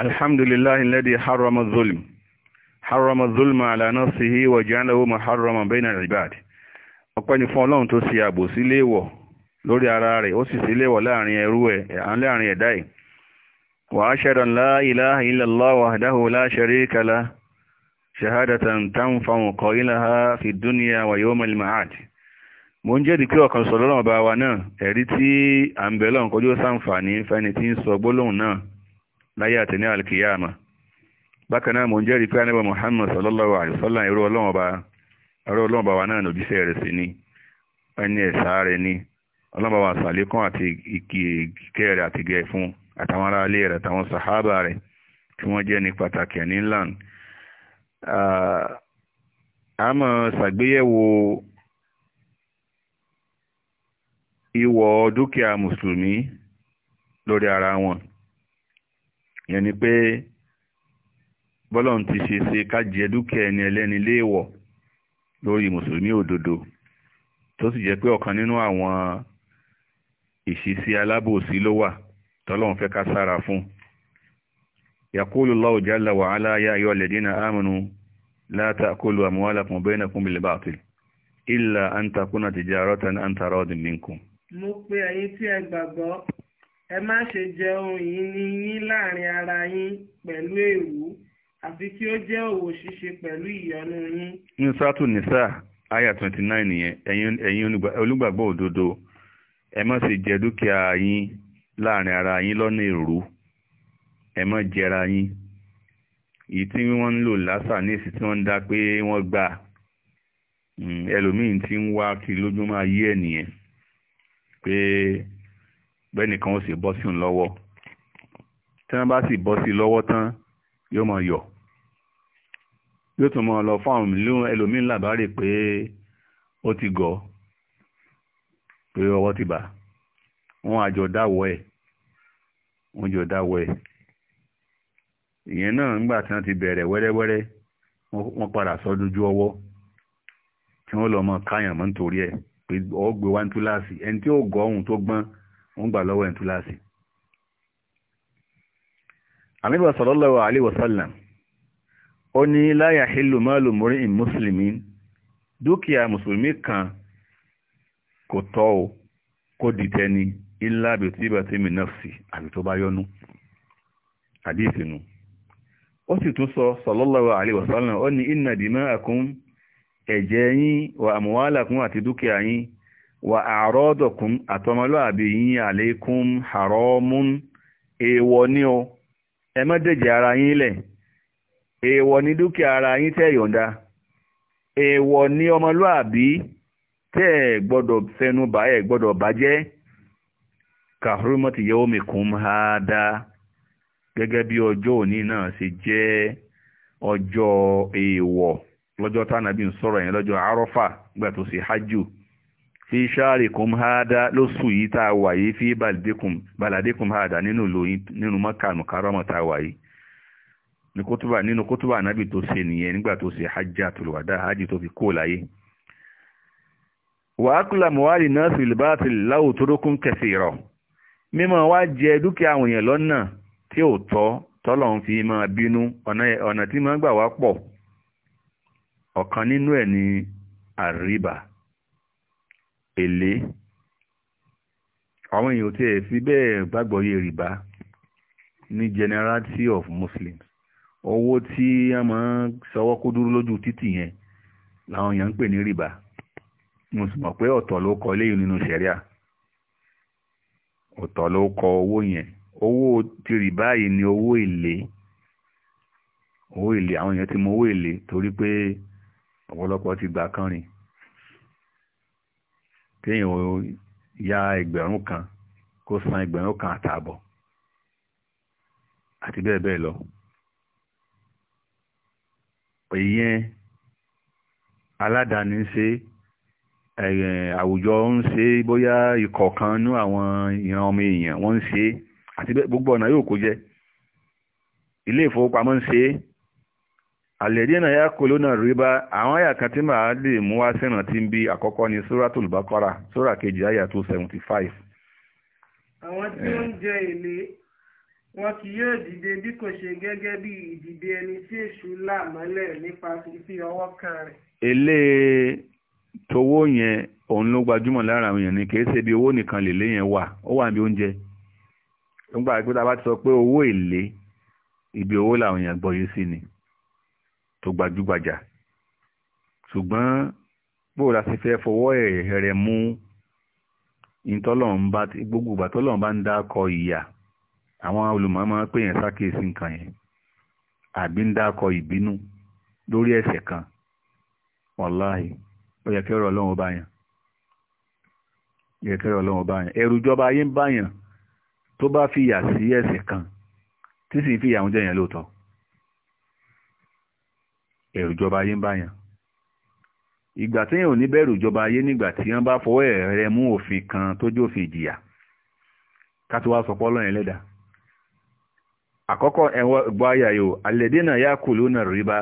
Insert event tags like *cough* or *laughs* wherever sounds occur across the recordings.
الحمد لله الذي حرم الظلم حرم الظلم على نفسه وجعله محرما بين العباد ọpẹ́ ni fún ọlọ́run tó ṣe àbòsí léèwọ̀ lórí ara rẹ̀ ó sì ṣe láàrin ẹrú ẹ̀ láàrin ẹ̀dá ẹ̀ وأشهد أن لا إله إلا الله وحده لا شريك له شهادة تنفع قائلها في الدنيا ويوم المعاد mo ń jẹ́rìí pé ọ̀kan ṣoṣo lọ́lọ́run ọba wa náà ẹ̀rí tí láyé àti ní alkiyama bákan náà mo ń jẹ́rìí pé anábà Muhammad sallallahu alayhi wa sallam irú ọlọ́run ọba irú ọlọ́run ọba wa náà ní òjíṣẹ́ rẹ̀ sí ni ẹni ẹ̀sà rẹ̀ ni ọlọ́run ọba wa sàlékún àti ìkẹ́ rẹ̀ àti gẹ̀ fún àtàwọn ará ilé rẹ̀ àtàwọn sàhábà rẹ̀ tí wọ́n jẹ́ ní pàtàkì ní land a máa ṣàgbéyẹ̀wò ìwọ̀ dúkìá mùsùlùmí lórí ara wọn ìyẹn ni pé bọ́lọ́n ti ṣe ṣe ká jẹ dúkìá ẹni ẹlẹ́ni léèwọ̀ lórí mùsùlùmí òdodo tó sì jẹ́ pé ọ̀kan nínú àwọn ìṣesí alábòsí ló wà tọ́lọ́run fẹ́ ká sára fún yaqulu Allahu jalla wa ala ya ayyuhal ladina amanu la ta'kulu amwalakum bainakum bil batil illa an takuna tijaratan an taradin minkum mo pe ẹ̀yin tí ẹ gbàgbọ́ ẹ má ṣe jẹ ohun ìní yín láàrin ara yín pẹ̀lú èrú àfi kí ó jẹ́ òwò ṣíṣe pẹ̀lú ìyọnu yín. ní sátú nìsà àyà twenty nine yẹn ẹ̀yin olùgbàgbọ́ òdodo ẹ má ṣe jẹ dúkìá yín láàrin ara yín lọ́nà èrú ẹ má jẹra yín èyí tí wọ́n ń lò lásà ní èsì tí wọ́n ń dá pé wọ́n gbà ẹlòmíín tí ń wá kiri lójúmọ́ ayé ẹ̀ nìyẹn pé bẹ́nìkan ó sì bọ́ sí òun lọ́wọ́ tí wọ́n bá sì bọ́ sí lọ́wọ́ tán yóò mọ yọ̀ yóò tún mọ lọ fún àwọn ẹlòmíín làbárè pé ó ti gọ̀ pé ọwọ́ ti bà wọ́n àjọ dáwọ́ ẹ̀ wọ́n jọ dáwọ́ ẹ̀ ìyẹn náà nígbà tí wọ́n ti bẹ̀rẹ̀ wẹ́rẹ́wẹ́rẹ́ wọ́n padà sọ dojú ọwọ́ tí wọ́n lọ mọ káyàn mọ́ nítorí ẹ̀ pé ọ gbé wá ní túláàsì ẹni tí ó gọ̀ ọ̀hún tó gbọ́n wọ́n gbà lọ́wọ́ ẹ̀ntú láàsì àmìbà sallallahu alaihi wasallam ó ní la yahillu malu mri'in muslimin dúkìá mùsùlùmí kan kò tọ́ o kó dìtẹ́ ni illa bí tí bá tí mi nafsi àbí tó bá yọnú hadisi nu wà àrọ́dọ̀kún àtọmọlúàbí yín àlékún haramun èèwọ̀ ni o ẹ ara yín lẹ̀ èèwọ̀ ni dúkìá ara yín tẹ́ yọ̀ǹda èèwọ̀ ni ọmọlúàbí tẹ́ ẹ̀ gbọ́dọ̀ fẹnu bà ẹ̀ gbọ́dọ̀ bàjẹ́ kàhúrúmọ́tì yawmikum hada gẹ́gẹ́ bí ọjọ́ òní náà ṣe jẹ́ ọjọ́ èèwọ̀ lọ́jọ́ tánàbí ń sọ̀rọ̀ yẹn lọ́jọ́ àárọ́fà gbà tó ṣe hajj fi ṣáàrìkún hádá lóṣù yìí tá a wà yìí fi bàlàdékùn hádá nínú lóyìn nínú mọ́kànù kárọ́mọ̀ tá a wà yìí nínú kótóbà nábì tó ṣe nìyẹn nígbà tó ṣe hajjatul wada hajj tó fi kó láyé wà á kúlà mọ̀wálì náà sì lè bá ti láwò tó rókún kẹsì rọ̀ mímọ̀ wá jẹ dúkìá àwọn èèyàn lọ́nà tí ò tọ́ tọ́lọ̀ ń fi máa bínú ọ̀nà tí máa gbà wá pọ̀ ọ̀kan nínú ẹ̀ ni àríbà èlé àwọn èèyàn tí ẹ̀ fi bẹ́ẹ̀ gbàgbọ́ yé rìbá ní generality of muslims owó tí a máa ń sọwọ́ kó dúró lójú títì yẹn làwọn èèyàn ń pè ní rìbá mo sì mọ̀ pé ọ̀tọ̀ ló kọ eléyìí nínú ṣẹ̀ríà ọ̀tọ̀ ló kọ owó yẹn owó ti rìbá yìí ni owó èlé owó èlé àwọn èèyàn ti mọ owó èlé torí pé ọ̀pọ̀lọpọ̀ ti gbà kánrin kéèyàn ya ẹgbẹ̀rún kan kó san ẹgbẹ̀rún kan àtààbọ̀ àti bẹ́ẹ̀ bẹ́ẹ̀ lọ ìyẹn aládàáni ṣe àwùjọ ń ṣe bóyá ikọ̀ kan nú àwọn ìran ọmọ èèyàn wọ́n ń ṣe àti gbogbo ọ̀nà yóò kó jẹ́ ilé ìfowópamọ́ ń ṣe àlèdínà ya kòlónà rìbá àwọn àyà kan tí màá lè mú wá sẹ́nà tí ń bí àkọ́kọ́ ní suratul Baqara sura kejì àyà tó seventy five. àwọn tí ó ń jẹ èlé wọn kì yóò dìde bí kò ṣe gẹ́gẹ́ bí ìdìde ẹni tí èṣù là mọ́lẹ̀ nípa fífi ọwọ́ kan rẹ̀. èlé towó yẹn òun ló gbajúmọ̀ lára àwọn èèyàn ni kì í ṣe bí owó nìkan lèlé yẹn wà ó wà bí oúnjẹ nígbà pé tá bá ti sọ pé owó èlé ibi owó làwọn èèyàn gbọ́yé sí ni tó gbajúgbajà ṣùgbọ́n bóò la ṣe fẹ́ fọwọ́ ẹ̀rẹ̀ rẹ̀ mú gbogbo ìgbà tọ́lọ́run bá ń dákọ ìyà àwọn olùmọ̀ máa ń pè yẹn sákèsí nǹkan yẹn àbí ń dákọ ìbínú lórí ẹ̀ṣẹ̀ kan wàláhì ó yẹ kẹ́rọ ọlọ́run ọba yẹn yẹ kẹ́rọ ọlọ́run ọba yẹn ẹ̀rù ìjọba ayé ń bá yẹn tó bá fìyà sí ẹ̀ṣẹ̀ kan tí sì ń fìyà àwọn yẹn lóòótọ́ ẹ̀rùjọba ayé ń bá yàn ìgbà téèyàn ò ní bẹ̀rù ìjọba ayé nígbà tí wọ́n bá fọwọ́ ẹ̀rẹ̀ mú òfin kan tó jẹ́ òfin ìjìyà ká tó wá sọ pọ́ lọ́yìn lẹ́dà àkọ́kọ́ ẹ̀wọ̀n gbọ́ ayà yòó alẹ́dínà yà lónà rìbá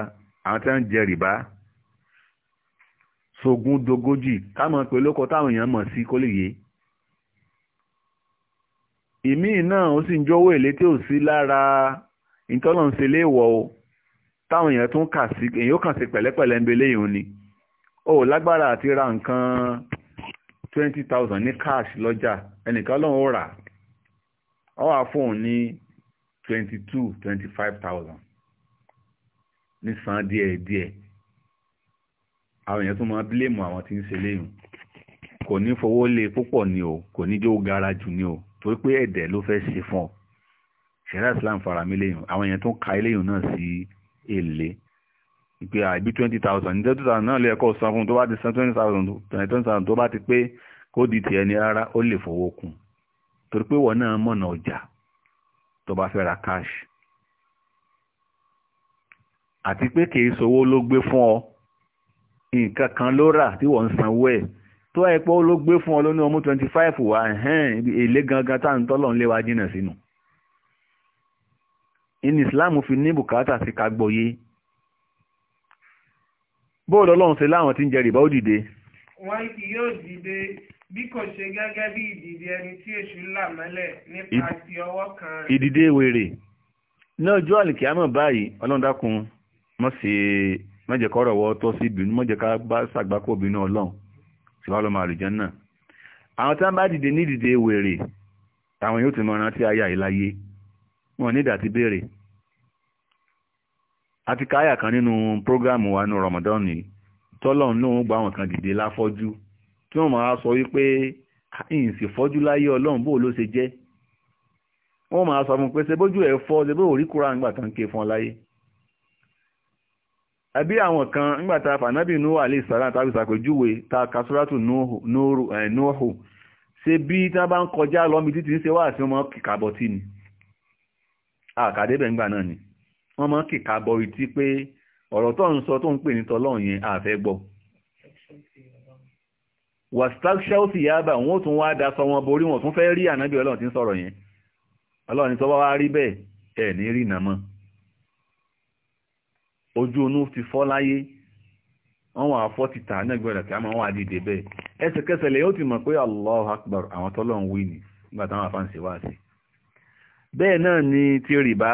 àwọn tí wọ́n ń jẹ rìbá pè lóko táwọn èèyàn mọ̀ sí kó lè yé ìmíì náà ó sì táwọn èèyàn tún kà sí èèyàn ó kàn sí pẹ̀lẹ́pẹ̀lẹ́ ń belé ìhun ni o lágbára àti ra nǹkan twenty thousand ní cash lọ́jà ẹnìkan lòun ó rà ọ wà fún òun ní twenty two twenty five thousand ní san díẹ̀ díẹ̀ àwọn èèyàn tún máa bílèmù àwọn tí ń ṣe léyìn kò ní fowó lé púpọ̀ ni o kò ní jó gara jù ni o torí pé ẹ̀dẹ̀ ló fẹ́ ṣe fún ọ ṣẹ̀dá Islam fara mi léyìn àwọn èèyàn tún ka eléyìn náà sí. Si èlé ìpè àìbí twenty thousand níjẹ́ two thousand náà lè ẹ̀kọ́ san fún tó bá ti san twenty thousand twenty thousand tó bá ti pé kó di tiẹ̀ ní rárá ó lè fowó kún torí pé wọ́n náà mọ̀nà ọjà tó bá fẹ́ ra cash àti pé kì í sowó ló gbé fún ọ nǹkan kan ló rà tí wọ́n ń sanwó ẹ̀ tó ẹ̀pọ̀ ló gbé fún ọ lónìí ọmú twenty five wà èlé gangan tá à ń tọ́lọ̀ ń léwa jìnnà sínú. In islam fi ní bùkátà sí kagbọ́yé bóòlù ọlọ́run ṣe láwọn tí ń jẹ rìbá ó dìde. wọn kì yóò dìde bí kò ṣe gẹ́gẹ́ bí ìdìde ẹni tí èṣù là mọ́lẹ̀ nípa ti ọwọ́ kan rẹ̀. ìdìde wèrè ní ọjọ́ àlìkíyàmọ̀ báyìí ọlọ́run dákun mọ̀ sí mọ̀jẹ̀kọ́rọ̀ wọ́ tọ́ sí ìbínú wọn ní ìdàtí béèrè àti káyà kan nínú prógrámù wa ní Ramadan ni tọ́lọ́run náà gba àwọn kan dìde láfọ́jú tí wọ́n máa sọ wípé ìǹsì fọ́jú láyé ọlọ́run bó ló ṣe jẹ́ wọ́n máa sọ fún pé ṣe ẹ̀ fọ́ ṣe bó rí nígbà ké fún ọ láyé àbí àwọn kan nígbà tá tàbí nù ṣe bí tí wọ́n bá ń kọjá lọ́mí títí àkàdébẹ̀ ńgbà náà ni wọ́n máa kìka bọ pé ọ̀rọ̀ tó ń sọ tó ń pè ní yẹn àfẹ́ gbọ́ wàstáṣẹ́ò sì yábà wọ́n tún wá daṣọ wọn borí wọn tún fẹ́ rí ànábì ọlọ́run tí ń sọ̀rọ̀ yẹn ọlọ́run ní tọ́wọ́ wá rí bẹ́ẹ̀ ẹ̀ ní rí nàmọ́ ojú onú ti fọ́ láyé wọ́n wà a máa bẹ́ẹ̀ náà ni ti rìbá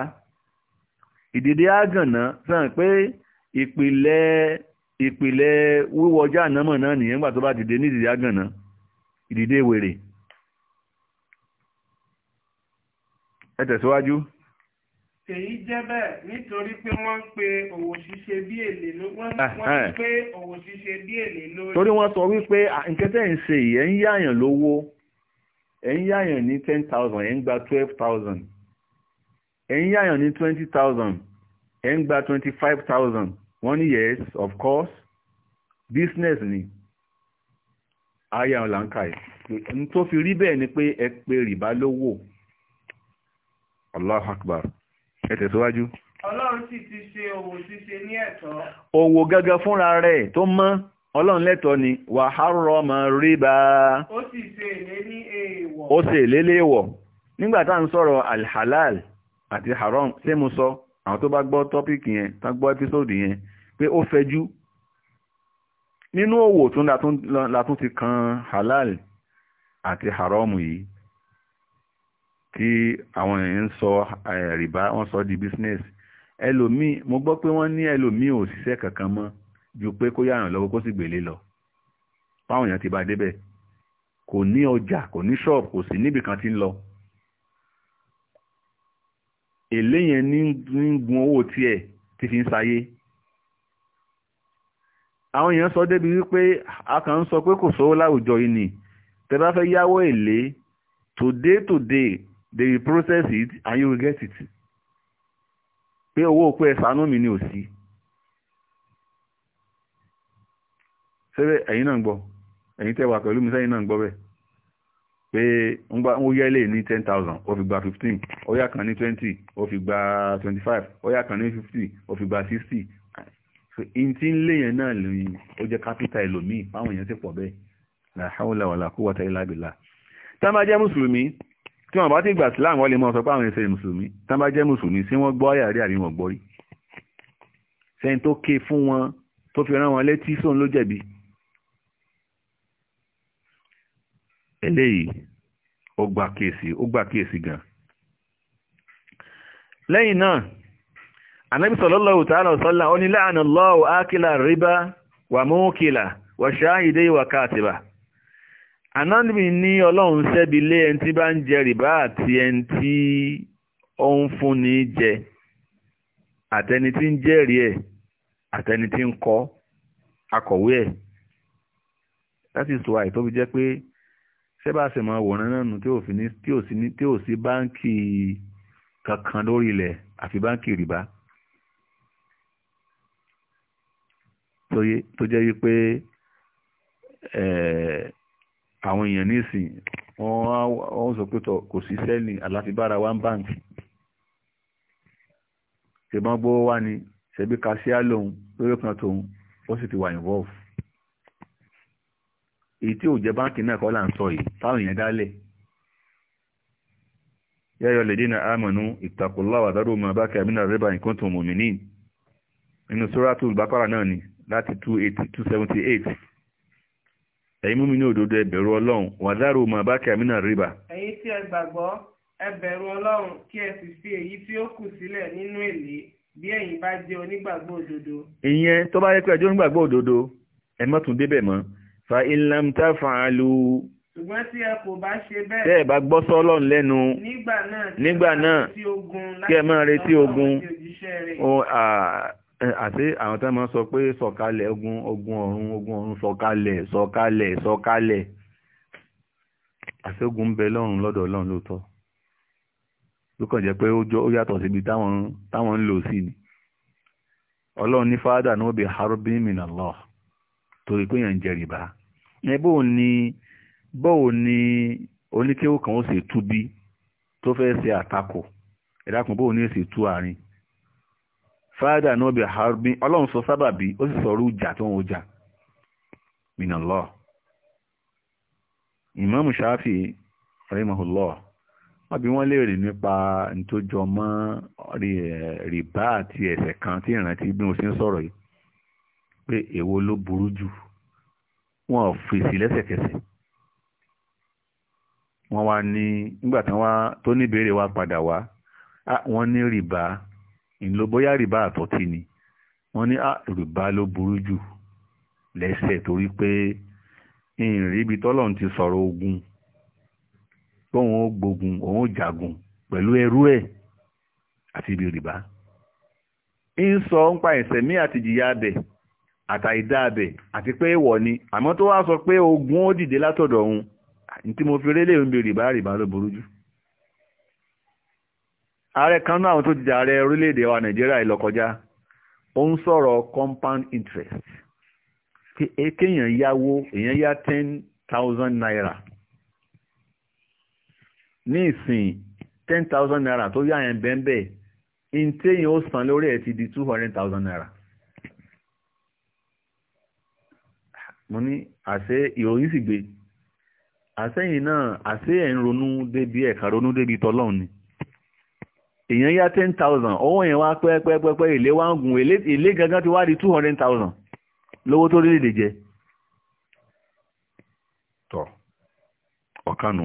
ìdìdí àgànná sàn pé ìpìlẹ̀ ìpìlẹ̀ wíwọjá ànámọ̀ náà nìyẹn nígbà tó bá dìde ní ìdìdí àgànná ìdìdí wèrè ẹ tẹ̀síwájú. èyí jẹ́ bẹ́ẹ̀ nítorí pé wọ́n pe òwò ṣíṣe bí èlé lórí. wọ́n ń pe òwò ṣíṣe bí èlé lórí. torí wọ́n sọ wípé nkẹ́tẹ́ ń ṣe ìyẹn ń yáyàn ẹ̀ ń yáyàn ní ten thousand ẹ̀ gba twelve thousand ẹ̀ ń yáyàn ní twenty thousand ẹ̀ gba twenty five thousand wọ́n ní yes of course business ni ayé àwọn làǹkà yìí n tó fi rí bẹ́ẹ̀ ni pé ẹ pé rìbá lówó allah akbar ẹ tẹ̀síwájú. ọlọ́run sì ti ṣe òwò ṣíṣe ní ẹ̀tọ́. òwò gẹ́gẹ́ fúnra rẹ̀ tó mọ́ ọlọ́run lẹ́tọ̀ọ́ ni wà á rọmọ rìbá ó sì ṣe èlélé èèwọ̀ nígbà tá à ń sọ̀rọ̀ alhalal àti haram ṣé mo sọ àwọn tó bá gbọ́ tọ́pìkì yẹn tá gbọ́ ẹ́písòdì yẹn pé ó fẹjú nínú òwò tún ti kan halal àti haram yìí tí àwọn èèyàn ń sọ eh, rìbá wọ́n sọ di business ẹlòmíì mo gbọ́ pé wọ́n ní ẹlòmíì ò ṣiṣẹ́ kankan mọ́ ju pé kó yàrán lọ́wọ́ kó sì gbèlé lọ fáwọn èèyàn ti bá débẹ̀ kò ní ọjà kò ní ṣọ́ọ̀bù kò sí níbì kan tí ń lọ èlé yẹn ní ń gun owó tiẹ̀ tí fi ń sayé àwọn èèyàn sọ débi wípé a kàn ń sọ pé kò sówó láwùjọ yìí ni tẹ bá fẹ́ yáwó èlé today today they will process it and you will get it pé owó òpó ẹ̀ ṣàánú mi ni ò sí. Si sẹ́bẹ̀ ẹ̀yin náà ń gbọ́ ẹ̀yin tẹ́ wà pẹ̀lú mi sẹ́yìn náà ń gbọ́ bẹ́ẹ̀ pé ó yá ilé ní ten thousand ó fi gba fifteen ó yá kan ní twenty ó fi gba twenty five ó yá kan ní fifty ó fi gba sixty in tí ń lé yẹn náà lóyún ó jẹ́ kápítà ẹlòmíì fáwọn èèyàn sì pọ̀ bẹ́ẹ̀ la hawla wala quwwata illa billah tá a bá jẹ́ mùsùlùmí tí wọ́n bá ti gbà sílámù wọ́n lè mọ́ sọ pé àwọn ẹ̀sẹ̀ mùsùlùmí tá a bá jẹ́ mùsùlùmí sí wọ́n gbọ́ àyàrí àbí gbọ́ rí sẹ́ni tó ké fún wọn tó fi rán wọn létí sóun ló jẹ̀bi eléyìí ó gbà kíyèsí ó gbà kíyèsí gan lẹ́yìn náà anábì sallallahu ta'ala sọ́lá ó ní láàánà lọ́wọ́ ákílà ríbá wà mú kílà wà ṣáàìdé wà káàtìbà anábì ní ọlọ́run ṣẹ́bi lé ẹni tí bá ń jẹ rìbá àti ẹni tí ó ń fúnni jẹ àtẹni tí ń jẹ́rìí ẹ̀ àtẹni tí ń kọ́ akọ̀wé ẹ̀ that is why jẹ́ pé sẹ́bàṣẹ̀ máa wòran náà nù tí ò sí báńkì kankan lórí ilẹ̀ àfi báńkì rìbá tó jẹ́ wípé àwọn èèyàn nísìn wọ́n sọ pé tọ̀ kò sí sẹ́ẹ̀lì aláfibára one bank ṣùgbọ́n gbówó wá ní ṣẹ̀bí kásíá lòun lórí kan tòun ó sì ti wà involve èyí tí ò jẹ báńkì náà kọ́ là ń sọ yìí táwọn èèyàn dálẹ̀ yáyọ lè dínà àmọ̀nú ìtàkùnláwà dárò mọ̀ bá kẹ́mínà rẹ́bà nǹkan tó mọ̀ mí ní nínú sóràtù bákàrà náà ni láti 278 ẹ̀yin mú ní òdodo ẹ ọlọ́run wà dárò mọ̀ bá kẹ́mínà rẹ́bà. èyí tí ẹ gbàgbọ́ ẹ bẹ̀rù ọlọ́run kí ẹ sì fi èyí tí ó kù sílẹ̀ nínú èlé bí fa illam taf'alu ṣùgbọ́n tí ẹ kò bá ṣe bẹ́ẹ̀. tẹ́ ẹ bá gbọ́ sọ́lọ́run lẹ́nu nígbà náà kí ẹ máa retí ogun àti àwọn tẹ́ máa sọ pé sọ̀kalẹ̀ ogun ogun ọ̀run ogun ọ̀run sọ̀kalẹ̀ sọ̀kalẹ̀ sọ̀kalẹ̀ àti ogun bẹ lọ́run lọ́dọ̀ ọlọ́run lóòótọ́ ló kàn jẹ́ pé ó yàtọ̀ síbi táwọn ń lò sí ni ọlọ́run ní fáádà ní ó bẹ harubin minallah torí pé yẹn ń jẹ rìbá ẹ bóò ni bóò ni oníkéwò kan ó sì tú bí tó fẹ́ ṣe àtakò ẹ̀dàkùn bóò ní èsì tú àárín fáádà náà bí ọlọ́run sọ sábàbí ó sì sọ̀rọ̀ ìjà tó ń lọ minallah ìmáàmù ṣáfì rahimahullah wọ́n bí wọ́n léèrè nípa nítòjọ mọ́ rìbá àti kan tí ìrántí bí mo ṣe ń sọ̀rọ̀ wọn ò fèsì lẹ́sẹ̀kẹsẹ̀ wọn wá ní nígbà tí tó ní padà wá wọn ní rìbá ìlò bóyá rìbá àtọ́tí ni wọn ní rìbá ló burú jù lẹ́sẹ̀ torí pé ìrìn ibi tọ́lọ́run ti sọ̀rọ̀ ogun tóun ó gbógun òun ó àti ibi rìbá ń sọ ń àti jìyà bẹ̀ àtàìdá abẹ̀ àti pé èèwọ̀ ni àmọ́ tó wá sọ pé ogun ó dìde látọ̀dọ̀ òun tí mo fi rélé ń rìbá rìbá ló burú jù ààrẹ kan àwọn tó ti dààrẹ orílẹ̀-èdè wa nàìjíríà ìlọ́kọjá ó ń sọ̀rọ̀ compound interest kéèyàn yáwó èèyàn yá ten thousand naira ní ìsìn ten thousand naira tó yá yẹn bẹ́ẹ̀ bẹ́ẹ̀ ní téèyàn ó san lórí ẹ̀ ti di two hundred thousand naira. mo ní àṣẹ ìròyìn sì gbé àṣẹyìn náà àṣẹ ẹ̀ ń ronú débi ẹ̀ka ronú débi tọ́lọ́run ni èèyàn yá ten thousand owó yẹn wá pẹ́ẹ́pẹ́ẹ́pẹ́ èlé wá ń gùn èlé gangan ti wá di two hundred thousand lówó tó rí lè jẹ tọ ọ̀kanu.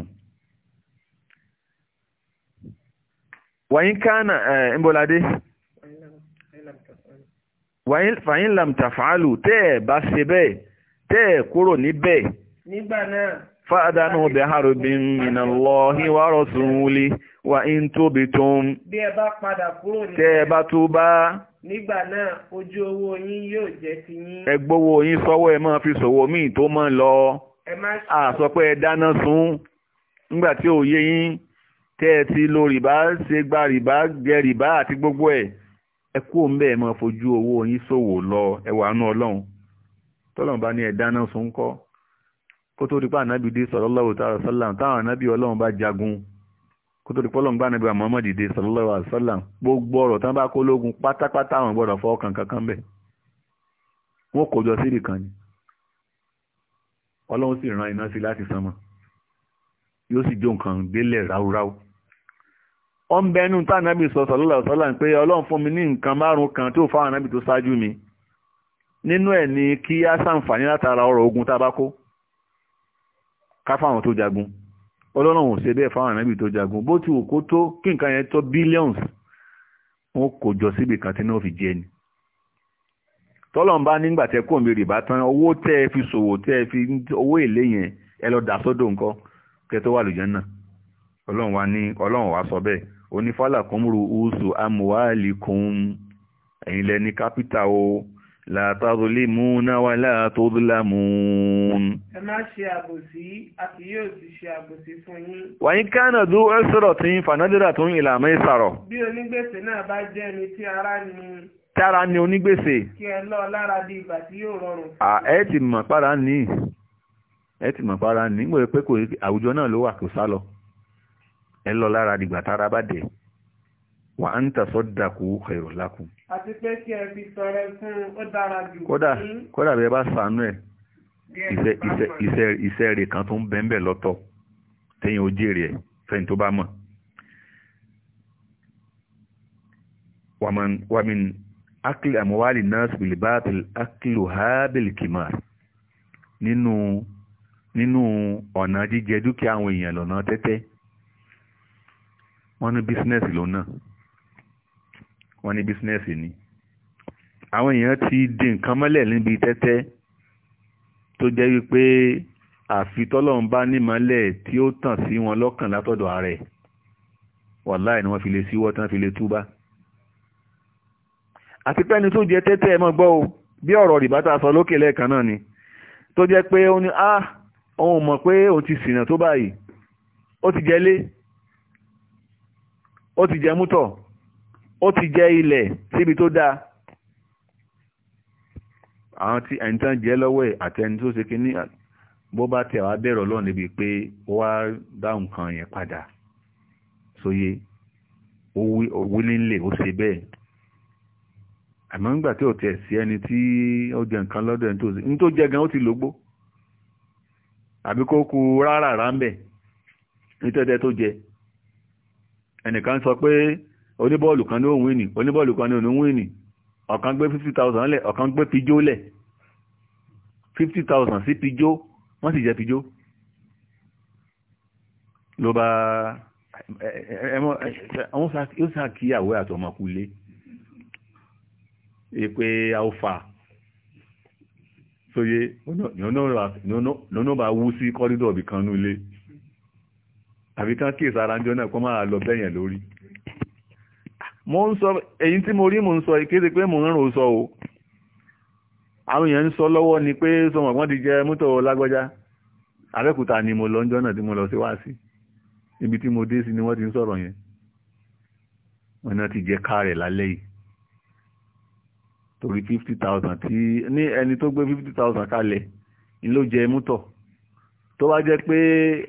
wàyín kánà ẹ̀ ń bọ́ládé wàyín lam tafàálù tẹ́ ẹ̀ bá ṣe bẹ́ẹ̀. tẹ́ ẹ̀ kúrò níbẹ̀. nígbà náà. fàdánù lọ bí mina Allahi wa rasuli wa bí ẹ bá padà bá nígbà náà ojú owó yín yóò jẹ́ ti yín. ẹ gbowó yín sọ́wọ́ ẹ máa fi sọ̀wọ́ míì tó máa lọ. ẹ ẹ dáná sun nígbà tí ò yé yín tẹ́ ẹ ti lo rìbá ṣe gba rìbá jẹ rìbá àti gbogbo ẹ̀ ẹ kú òun bẹ́ẹ̀ tọ́lọ́run bá ní ẹ̀dá náà sun kọ́ kó tó rí pa ànábì dé sallallahu ta'ala táwọn ànábì ọlọ́run bá jagun kó tó rí pa ọlọ́run bá ànábì Muhammad dé sallallahu ta'ala sallam gbogbo ọ̀rọ̀ tán bá kó lógun pátápátá àwọn gbọ́dọ̀ fọ́ ọkàn kankan bẹ̀ wọ́n kò jọ sí ìkan ni ọlọ́run sì ran iná sí láti sánmọ̀ yóò sì jó nǹkan délẹ̀ ráúráú ọ ń ànábì sọ sallallahu ta'ala pé ọlọ́run fún mi ní nǹkan márùn-ún kan tó fáwọn ànábì tó ṣáájú mi nínú ẹ̀ ni kí á sàǹfààní látara ọrọ̀ ogun tá a bá kó ká fáwọn tó jagun ọlọ́run ò ṣe bẹ́ẹ̀ fáwọn ànábì tó jagun bó ti wù kó tó kí nǹkan yẹn tó billions wọn kò jọ síbi kan tí náà fi jẹ ni tọ́lọ̀ ń bá nígbà tẹ́ kò mi rìbá tán owó tẹ́ ẹ fi ṣòwò tẹ́ ẹ fi owó èlé yẹn ẹ lọ dà sódò nǹkan kẹ́ tó wà lójẹ́ náà ọlọ́run wa ní ọlọ́run wa sọ bẹ́ẹ̀ onífàlà kọ́múrú ùsù amúhálì kùn ẹ̀yìn lẹ́ni kápítà o la tazlimuna wa la tuzlamun. ẹ má ṣe àbòsí àti yóò ti ṣe àbòsí fún yín. wa in kana dhu usratin fanadiratun ila maisara. bí onígbèsè náà bá jẹ́ ẹni tí ara ni. tí ara ni onígbèsè. kí ẹ lọ lára di ìgbà tí yóò rọrùn. à ẹ ti mọ̀ para ní ẹ ti mọ̀ para ní nígbà pé kò àwùjọ náà ló wà kó sá lọ ẹ lọ lára dìgbà tára bá dẹ̀ wa an tasaddaqu khairul lakum àti pé kí ẹ fi tọrẹ fún ó dára jù. kódà kódà bí ẹ bá sànú ẹ iṣẹ́ rẹ̀ kan tó ń bẹ́ńbẹ̀ lọ́tọ̀ téèyàn ó jèrè ẹ̀ fẹ́ni tó bá mọ̀. wàmín akílì àmúwálì náà sùlìbáàtì akílù hábìlì kìmọ̀ nínú nínú ọ̀nà jíjẹ dúkìá àwọn èèyàn lọ́nà tẹ́tẹ́ wọ́n ní bísínẹ́sì lónà wọ́n ní bísínẹ́sì ni àwọn èèyàn ti di nǹkan mọ́lẹ̀ níbi tẹ́tẹ́ tó jẹ́ wípé àfi tọ́lọ́run bá nímọ́lẹ̀ tí ó tàn sí wọn lọ́kàn látọ̀dọ̀ ààrẹ wàláì ni wọ́n fi lè síwọ́ tán fi lè túbá àti pẹ́ni tó jẹ tẹ́tẹ́ ẹ mọ́ gbọ́ o bí ọ̀rọ̀ rìbá tá a sọ lókè lẹ́ẹ̀kan náà ni tó jẹ́ pé ó ní ah òun mọ̀ pé òun ti ṣìnà tó báyìí ó ti jẹ lé ó ti jẹ mútọ̀ ó ti jẹ ilẹ̀ síbi tó dáa àwọn tí ẹni tán jẹ́ lọ́wọ́ ẹ̀ àti ẹni tó ṣe kíní bó bá tẹ̀ wá bẹ̀rẹ̀ ọlọ́run níbi pé wá dá nǹkan yẹn padà sóye owó nílé ó ṣe bẹ́ẹ̀ àmọ́ nígbà tí ò tẹ̀ sí ẹni tí ó jẹ nǹkan lọ́dọ̀ ẹni tó ṣe ní tó jẹ gan ó ti lógbó àbí kó ku rárá rà ń bẹ̀ tó jẹ ẹnìkan sọ pé oníbọ́ọ̀lù kan ní òun ìní oníbọ́ọ̀lù kan ní òun ìní ọ̀kan gbé 50,000 lẹ̀ ọ̀kan gbé pijó lẹ̀ 50,000 sí pijó wọ́n sì jẹ́ pijó ló bá yóò sá kí àwọ́ àtọmọkulé èpè alfa sóyé lónà bá wú sí kọ́rídọ̀ bìkan nú ilé àbíkán kí ìsára jọ náà kọ́ máa lọ bẹ́yẹn lórí mo ń sọ èyí tí mo rí mo ń sọ ìkéde pé mo ń rò sọ o àwọn èèyàn ń sọ lọ́wọ́ ni pé sọmọ ọ̀gbọ́n ti jẹ mútọ̀ lágbọ́já abẹ́kúta ni mo lọ ń jọ́nà tí mo lọ sí wá sí ibi tí mo dé sí ni wọ́n ti ń sọ̀rọ̀ yẹn wọn náà ti jẹ́ ká lálẹ́ yìí torí fifty thousand tí ní ẹni tó gbé fifty thousand kalẹ̀ ni ló jẹ mútọ̀ tó bá jẹ́ pé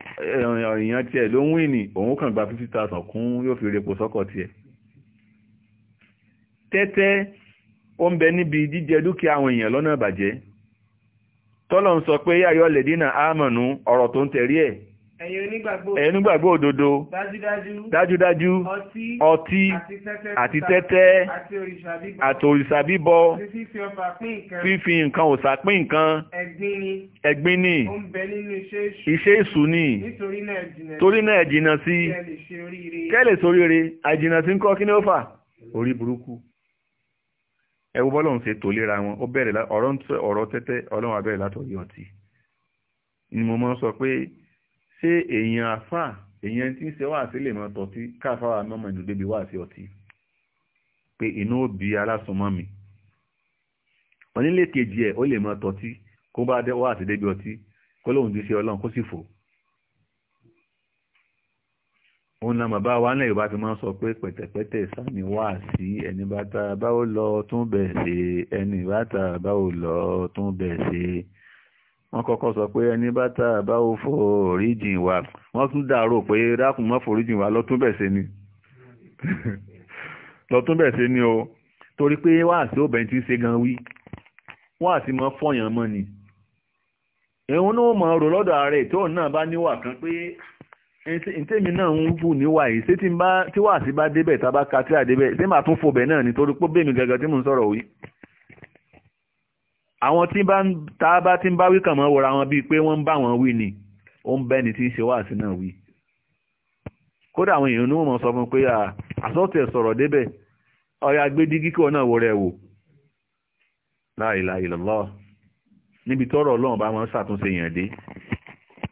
eh, èèyàn tiẹ̀ ló ń wí ni òun kàn gba fifty thousand kún yóò fi repo sọ́kọ̀ tiẹ̀ tẹ́tẹ́ ó ń bẹ níbi jíjẹ dúkìá àwọn èèyàn lọ́nà ìbàjẹ́ tọ́lọ̀ ń sọ pé ayọ́ lẹ̀dínà ámọ̀nù ọ̀rọ̀ tó ń tẹ̀rí ẹ̀ ẹ̀yin onígbàgbọ́ òdodo dájúdájú ọtí àti tẹ́tẹ́ àti òrìṣà bíbọ fífi nǹkan òsà pín nǹkan ẹ̀gbin ni iṣẹ́ èṣù ni torí náà ẹ̀jìnà sí kẹ́lẹ̀ sóríire àìjìnà sí ń kọ́ kí ni ó fà orí burúkú ẹwọ bọ́lọ́run ṣe tò lera wọn ó bẹ̀rẹ̀ ọ̀rọ̀ tẹ́tẹ́ ọlọ́run abẹ́rẹ̀ látọ̀rí ọtí ni mo mọ́ sọ pé ṣé èèyàn àfà èèyàn tí ń ṣe wá sí lè mọ́ tọ́tí káfáwà mọ́mọ́ ìlú débi wá sí ọtí pé inú òbí alásùnmọ́ mi onílé kejì ẹ̀ ó lè mọ́ tọ́tí kó bá wá sí débi ọtí kó lóun ti ṣe ọlọ́run kó sì fò òun náà bàbá wa náà yorùbá fi máa ń sọ pé pẹ̀tẹ̀pẹ̀tẹ̀ sani wá sí ẹni ta báwo lọ tún bẹ̀ ṣe ẹni bàtà báwo lọ tún bẹ̀ ṣe wọ́n kọ́kọ́ sọ pé ẹni bàtà báwo foríjìn wa wọ́n tún dàrò pé dákun mọ́ foríjìn wa lọ́tún bẹ̀ ṣe ni *laughs* lọ́tún bẹ̀ ṣe ni o torí pé wá sí obìnrin tí ń ṣe gan wí wá sí mọ́ fọyàn mọ́ ni èèyàn náà mọ̀ ọ́ rò lọ́dọ̀ ààrẹ tóun ntẹ́mi náà ń hù níwà yìí ṣé tí bá tí wà sí bá débẹ̀ tá a bá ka tí a débẹ̀ ṣé màá tún fòbẹ̀ náà nítorí pé bẹ́ẹ̀ mi gàgà tí mò ń sọ̀rọ̀ wí. àwọn tí bá ń ta bá tí ń bá wí kàn mọ́ wọra wọn bíi pé wọ́n ń bá wọn wí ni ó ń bẹ́ni tí ń ṣe wá sí náà wí. kódà àwọn èèyàn onímọ̀ sọ fún pé àsọ̀tẹ̀ sọ̀rọ̀ débẹ̀ ọ̀yà gbé dígí kí wọn náà wò. láìláì níbi tọ́rọ̀ ọlọ́run bá wọn ṣàtúnṣe yàn dé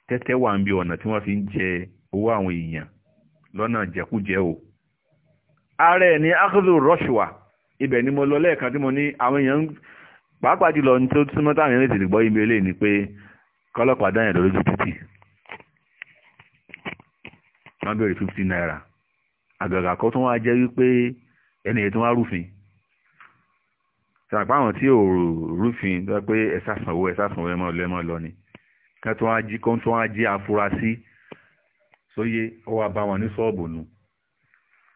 tẹ́tẹ́ wà ń bi ọ̀nà tí wọ́n fi ń jẹ owó àwọn èèyàn lọ́nà jẹkújẹ o ààrẹ ní akhdhu rọ́ṣùwà ibẹ̀ ni mo lọ lẹ́ẹ̀kan tí mo ní àwọn èèyàn pàápàá jùlọ ní tó súnmọ́ táwọn èèyàn ti gbọ́ ibi eléyìí ni pé kọ́lọ́pàá dáyàn lójú títì wọ́n bẹ̀rẹ̀ fifty naira àgàgà kó tún wá jẹ́ wípé ẹni èyí tó wá rúfin sàpá àwọn tí ò rúfin tó pé ẹ̀sà sanwó ẹ̀sà sanwó ẹ̀mọ́ lẹ́mọ́ lọ ni kí wọ́n tún wá jí afurasí sóyé ó wá bá wọn ní ṣọ́ọ̀bù nù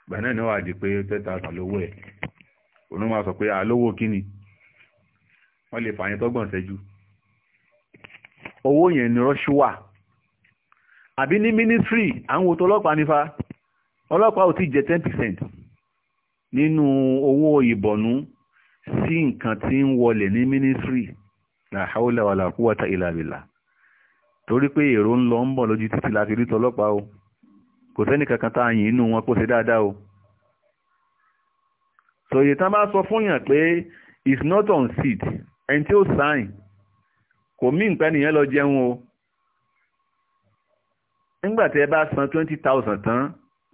ìgbà náà ni ó wà di pé tẹ́ta àtàlówó ẹ̀ òun máa sọ pé àlówó kíni wọ́n lè fààyàn tọ́gbọ̀n ṣẹ́jú owó yẹn ni rọ́ṣùwà àbí ní mínísírì àwọn òtò ọlọ́pàá nífa ọlọ́pàá ò ti jẹ ten percent nínú owó ìbọ̀nú sí nǹkan tí ń wọlé ní mínísírì la hawla wala billah torí pé èrò ń lọ ń bọ̀ lójú títí láti rí tọlọ́pàá o kò sẹ́ni kankan tá a yìn inú wọn kó ṣe dáadáa o sòye tán bá sọ fún yàn pé is not on seat until tí ó sáìn kò mí nǹkan nìyẹn lọ jẹun o nígbà tí ẹ bá san twenty thousand tán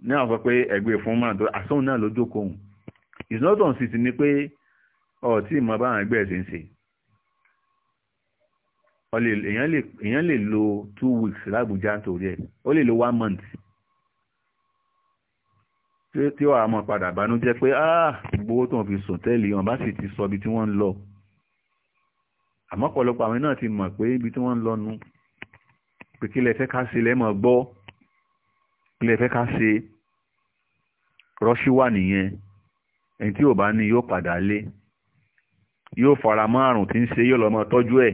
ní àwọn sọ pé ẹgbẹ́ fún máa tó àsóhun náà ló jókòó is not on seat ni pé ọ̀ tí ìmọ̀ báwọn ẹgbẹ́ ṣe ń ṣe èèyàn lè lo two weeks lábújá nítorí ẹ̀ ó lè lo one month tí ó àmọ́ padà bànújẹ́ pé ah gbogbo tó ń fi sùn tẹ́lẹ̀ wọn bá sì ti sọ ibi tí wọ́n ń lọ àmọ́ ọ̀pọ̀lọpọ̀ àwọn náà ti mọ̀ pé ibi tí wọ́n ń lọ nu pé kí lẹ fẹ́ ká ṣe lẹ́mọ̀ gbọ́ kí lẹ fẹ́ ká ṣe rọ́ṣí wà nìyẹn ẹni tí ò bá ní yóò padà lé yóò fara mọ́ àrùn tí ń ṣe yóò lọ́mọ tọ́jú ẹ̀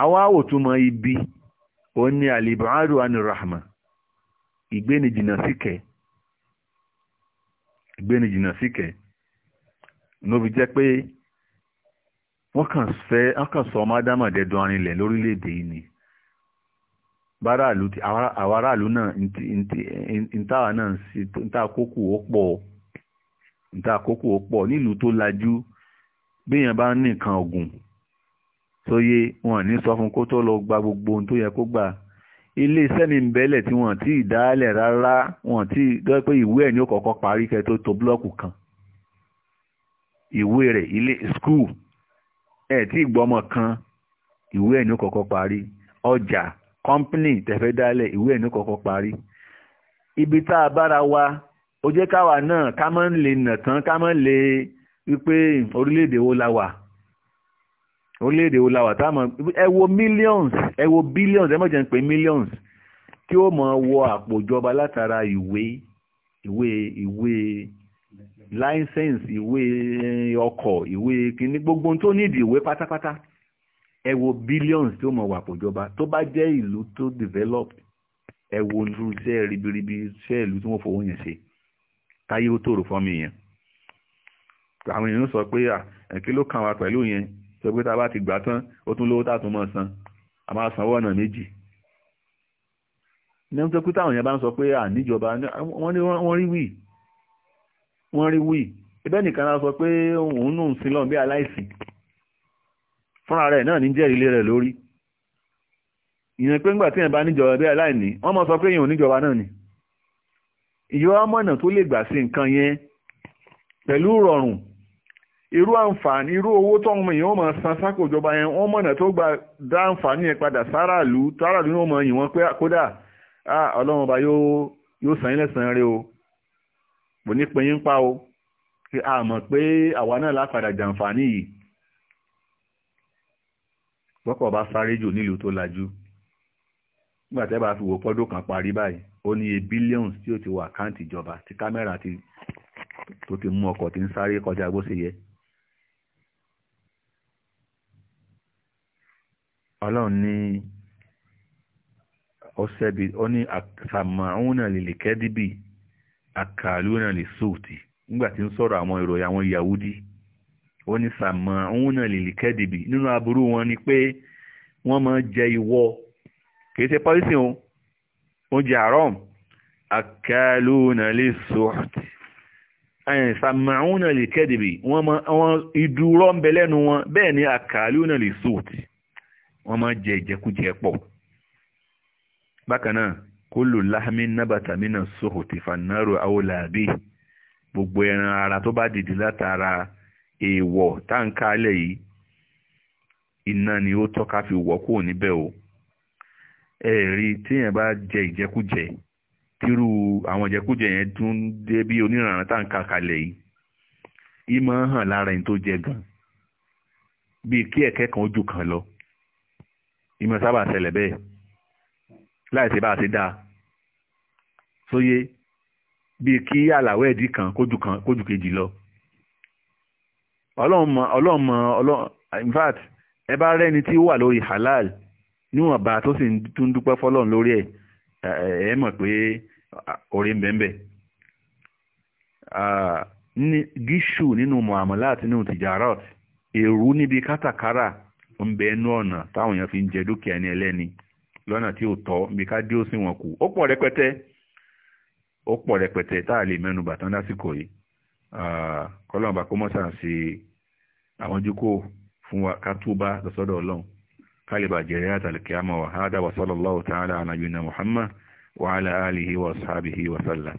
àwa àwòtúmọ̀ ibi ó ni alibaru anirahma ìgbéni jìnnà síkẹ̀ ìgbéni jìnnà síkẹ̀ níbi jẹ́ pé wọ́n kàn fẹ́ wọ́n kàn sọ ọmọ yìí ni ti àwọn aráàlú náà ntáwa náà sí ntáwa ó pọ̀ ntáwa ó pọ̀ nílùú tó lajú tó yé wọn ní sọ fún kó tó lọ gba gbogbo ohun tó yẹ kó gbà ilé iṣẹ́ mi ń bẹ́lẹ̀ tí wọ́n ti ìdálẹ̀ rárá wọ́n ti dọ́ pé ìwé ẹ̀ ní ó kọ́kọ́ parí kẹ́ tó to búlọ́ọ̀kù kan ìwé rẹ̀ ilé skul ẹ̀ tí ìgbọ́mọ kan ìwé ẹ̀ ní ó kọ́kọ́ parí ọjà kọ́ńpínì tẹ̀fẹ́ dálẹ̀ ìwé ẹ̀ ní ó kọ́kọ́ parí ibi tá a bára wa ó káwa náà ká má ń lè nà tán ká má ń lè wípé orílẹ̀-èdè wo la wà orílẹ̀-èdè wo la wà tá a mọ̀ ẹ wo millions ẹ wo billions ẹ mọ̀jẹ̀ ń pè millions tí ó mọ̀ wọ àpòjọba látara ìwé ìwé ìwé license ìwé ọkọ̀ ìwé kìíní gbogbo tó nídìí ìwé pátápátá ẹ wo billions tí ó mọ̀ wà àpòjọba tó bá jẹ́ ìlú tó developed ẹ wo irú iṣẹ́ ribiribi iṣẹ́ ìlú tí wọ́n fowó yẹn ṣe táyé ó tòrò fọ́n mi yẹn àwọn èèyàn sọ pé à kí ló kàn wá pẹ̀lú yẹn sọ pé tá a bá ti gbà tán ó tún lówó tá a tún mọ̀ san a máa sanwó ọ̀nà méjì ní ọjọ́ pé táwọn yẹn bá ń sọ pé àníjọba wọ́n rí wì wọ́n rí wì ibẹ̀ nìkan la sọ pé òun nù sí lọ́n bí aláìsìn fúnra rẹ̀ náà ní jẹ́rìí lé rẹ̀ lórí ìyẹn pé ńgbà tí yẹn bá níjọba bí aláìní wọ́n mọ̀ sọ pé yẹn níjọba náà ni ìyọ́ ọmọ ọ̀nà tó lè gbà sí nǹkan yẹn pẹ̀lú rọrùn irú àǹfààní irú owó tọ́mọ yìí wọ́n máa san sákò ìjọba yẹn wọ́n mọ̀nà tó gba dá àǹfààní yẹn padà sáràlú sáràlú ni wọ́n mọ̀ yìí wọ́n pé kódà ọlọ́run ọba yóò san ilẹ̀ san rẹ o kò ní pinyin pa o kí a mọ̀ pé àwa náà lápadà jàǹfààní yìí gbọ́kọ̀ bá sáré jù nílùú tó lajú nígbà tẹ́ bá fi wò pọ́dún kan parí báyìí ó ní iye bílíọ̀nù tí ó ti wà káǹtì ìjọba tí kámẹ́rà tó ti mú ọkọ̀ tí ń sáré kọjá bó ṣe yẹ ọlọ́run ní ọ̀sẹ̀bi ó ní àtàmàúnà lèlè kẹ́díbì àkàlùnà lè sóòtì nígbà tí ń sọ̀rọ̀ àwọn ìròyìn àwọn Yahudi ó ní sàmàúnà lèlè kẹ́díbì nínú aburú wọn ni pé wọ́n máa jẹ ìwọ kìí ṣe pọ́lísì o oúnjẹ àárọ̀m àkàlùnà lè sóòtì sàmàúnà lè kẹ́díbì wọ́n máa ìdúró ń bẹ lẹ́nu wọn bẹ́ẹ̀ ni àkàlùnà lè sóòtì wọ́n máa jẹ ìjẹkújẹ pọ̀ bákan náà kólù láhámi nábàtà mí náà sòhò tìfànàrò àwòlàbí gbogbo ẹran ara tó bá dìde látara èèwọ̀ táǹkà alẹ́ yìí iná ni ó tọ́ka fi wọ́ kúrò níbẹ̀ o ẹ̀rí téèyàn bá jẹ ìjẹkújẹ tírú àwọn ìjẹkújẹ yẹn dún dé bí onírànà táǹkà kalẹ̀ yìí ìmọ̀ hàn lára ẹni tó jẹ gan bíi kí ẹ̀kẹ́ kan ojú kan lọ ìmọ̀ sábà ṣẹlẹ̀ bẹ́ẹ̀ láì ṣe bá a ṣe dáa sóyé bíi kí àlàwé ẹ̀dí kan kójú kan kójú kejì lọ ọlọ́mọ ọlọ́mọ ọlọ́mọ in fact ẹ bá rẹ́ni tí ó wà lórí halal níwọ̀nba tó sì tún dúpẹ́ fọ́lọ́run lórí ẹ̀ ẹ mọ̀ pé orí ń bẹ́ẹ̀ bẹ́ẹ̀ gíṣù nínú muamalat nínú tijarot èrú níbi kátàkárà ń bẹ ẹnu ọ̀nà táwọn èèyàn fi ń jẹ dúkìá ẹni ẹlẹ́ni lọ́nà tí tọ́ ó ó pọ̀ rẹpẹtẹ ó a lè mẹ́nu bàtán lásìkò yìí kọ́lọ́mùbá kó mọ́sà sí àwọn jùkọ́ fún wa ká túbá lọ́sọ́dọ̀ ọlọ́run ká lè àtàlùkẹ́ àmọ́ wa hada wa sallallahu ta'ala ala yuna muhammad wa ala alihi wa